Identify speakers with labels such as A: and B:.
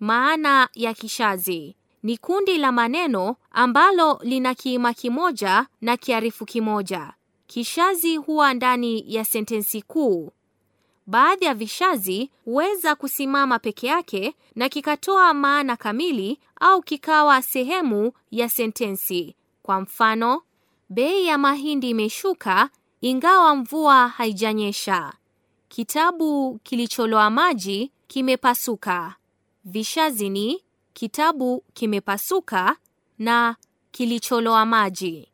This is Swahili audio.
A: Maana ya kishazi ni kundi la maneno ambalo lina kiima kimoja na kiarifu kimoja. Kishazi huwa ndani ya sentensi kuu. Baadhi ya vishazi huweza kusimama peke yake na kikatoa maana kamili au kikawa sehemu ya sentensi. Kwa mfano, bei ya mahindi imeshuka ingawa mvua haijanyesha. Kitabu kilicholoa maji kimepasuka vishazi ni kitabu kimepasuka na kilicholoa
B: maji.